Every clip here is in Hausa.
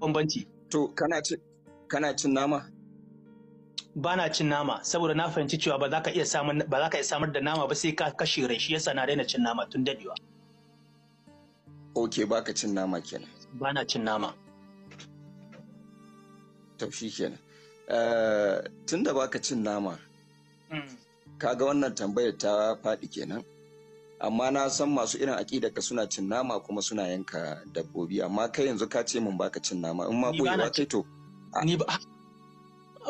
bambanci. To kana cin kana cin nama? Ba na cin nama saboda na fahimci cewa ba za ka iya samar da nama ba sai ka kashe rai shi yasa na daina cin nama tun dadewa. Ok ba ka cin nama kenan. Ba na cin nama. To shi kenan. Eh, tun da ba ka cin nama. Hmm. ka Kaga wannan tambayar ta faɗi kenan. amma na san masu irin aƙida ka suna cin nama kuma suna yanka dabbobi amma kai yanzu ka ce mun baka cin nama in ma boyewa kai to ni ba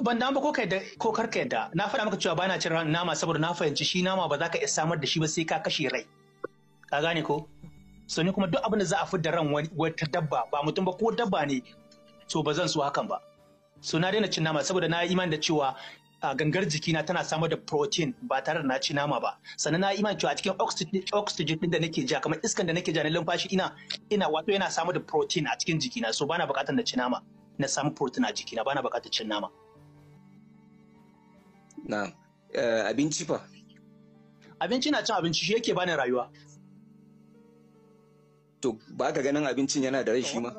ban da ba ko kai da ko karka yadda na faɗa maka cewa ba na cin nama saboda na fahimci shi nama ba za ka iya samar da shi ba sai ka kashe rai ka gane ko so ni kuma duk abin da za a fi da ran wata dabba ba mutum ba ko dabba ne to ba zan so hakan ba so na daina cin nama saboda na yi imani da cewa a gangar jikina tana samar da protein ba tare da na ci nama ba sannan na iman cewa a cikin oxygen din da nake ja kamar iskan da nake ja na lumfashi ina ina wato yana samar da protein a cikin jikina so bana bukatar na ci nama na samu protein a jikina bana bukatar cin nama na eh, abinci fa abinci na cin abinci shi yake bani rayuwa to ba ka ganin abincin yana da rai shi ma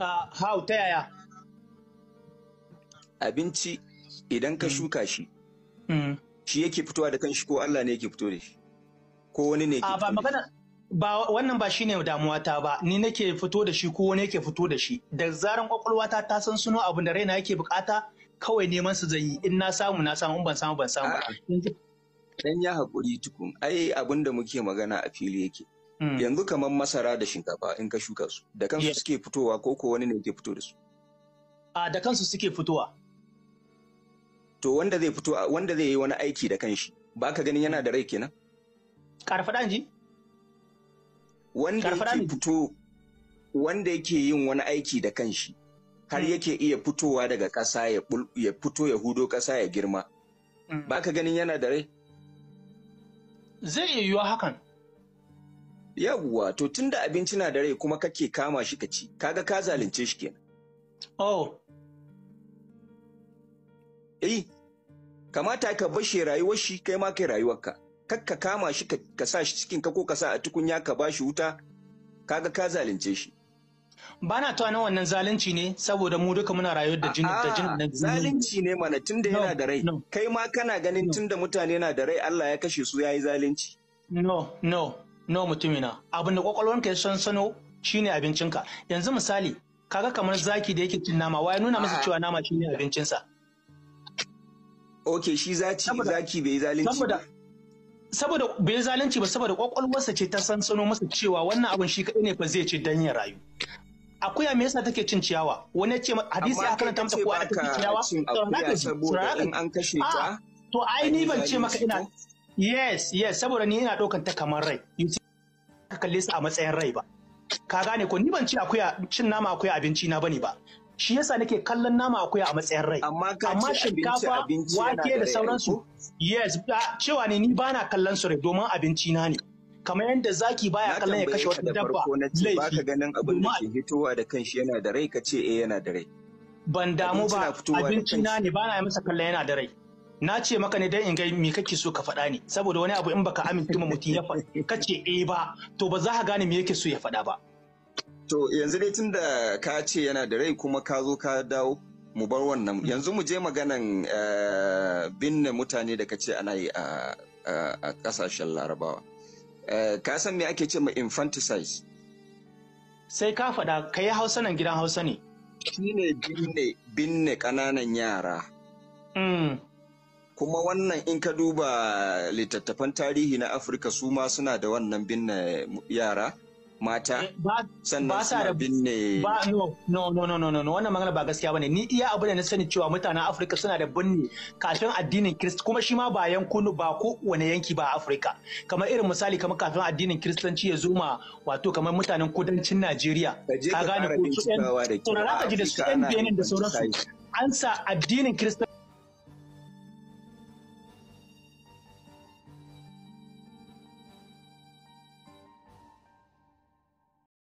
ha ah, ta yaya abinci idan ka hmm. shuka shi hmm. shi yake fitowa da kanshi ko Allah ne yake fito da shi ko wani ne ba magana ba wannan ba shine damuwa ta ba ni nake fito da shi ko wani yake fito da shi da zaran kwakwalwata ta san suno abin da raina yake bukata kawai neman su zan yi in na samu na samu in ban samu ban samu dan ya hakuri tukun ai abin da muke magana a fili yake hmm. yanzu kamar masara da shinkafa in ka shuka su da kansu suke fitowa ko ko wani ne yake fito da su a da kansu suke fitowa to wanda zai fito wanda zai yi wani aiki da kanshi ba ka ganin yana da rai kenan karfadan ji wanda yake fito wanda yake yin wani aiki da kanshi har hmm. yake iya fitowa daga ƙasa ya fito ya hudo ƙasa ya girma hmm. ba ka ganin yana da rai zai iya yiwuwa hakan yawwa to tunda abinci na da rai kuma kake kama shi ka ci kaga ka zalunce shi kenan oh eh kamata ka shi rayuwar shi kai ma kai rayuwarka kar ka kama shi ka sa shi cikin ka ko ka sa a tukunya ka ba shi wuta kaga ka zalunce shi ba na tunanin wannan zalunci ne saboda mu duka muna rayuwar da jinin da jinin zalunci ne mana tunda yana da rai kai ma kana ganin tunda mutane na da rai Allah ya kashe su yayi zalunci no no no mutumina abin da kwakwalwarka ya san sano shine abincinka yanzu misali kaga kamar zaki da yake cin nama wai nuna masa cewa nama shine abincinsa ok shi zaki zaki bai zalunci ba saboda bai zalunci ba saboda kwakwalwarsa ce ta sansano masa cewa wannan abin shi kadai ne fa zai ci dan ya rayu akuya me yasa take cin ciyawa wani ce ma hadisi ya karanta mata ko ta cin ciyawa saboda in an kashe ah, ta to ai ni ban ce maka ina yes yes saboda ni ina daukan ta kamar rai ka kalle su a matsayin rai ba ka gane ko ni ban ce akuya cin nama akuya abinci na bane ba shi yasa nake kallon nama akuya a matsayin rai amma shinkafa wake da sauransu yes cewa ne ni bana kallon su rai domin abinci na ne kamar yadda zaki baya kallon ya kashe wata dabba laifi baka ganin abin da ke fitowa da kanshi yana da rai ce eh yana da rai ban damu ba abinci na ne bana yi masa kallon yana da rai na ce maka ne dan in ga me kake so ka faɗa ne saboda wani abu in baka amince ma mutum ya faɗa ce eh ba to ba za ka gane me yake so ya faɗa ba To yanzu dai tunda ka ce yana da rai kuma ka zo ka dawo mu bar wannan yanzu mu je maganan eh, binne mutane da ka ce ana yi a kasashen larabawa. Eh, ka san me ake ce ma infanticide? Sai ka faɗa ka yi hausa nan gidan hausa ne. Shi ne binne binne ƙananan yara. Mm. kuma wannan in ka duba littattafan tarihi na afirka su ma suna da wannan binne yara mata eh, sannan suna binne ba no no no no no no wannan magana ba gaskiya bane ni iya abu da na sani cewa mutanen Afirka suna da binne kafin addinin Kirist kuma shi ma ba yankun ba ko wani yanki ba Afirka kamar irin misali kamar kafin addinin Kiristanci ya zuma wato kamar mutanen kudancin Najeriya ka gane ko su ɗan da su ɗan Benin da sauransu an sa addinin Kirista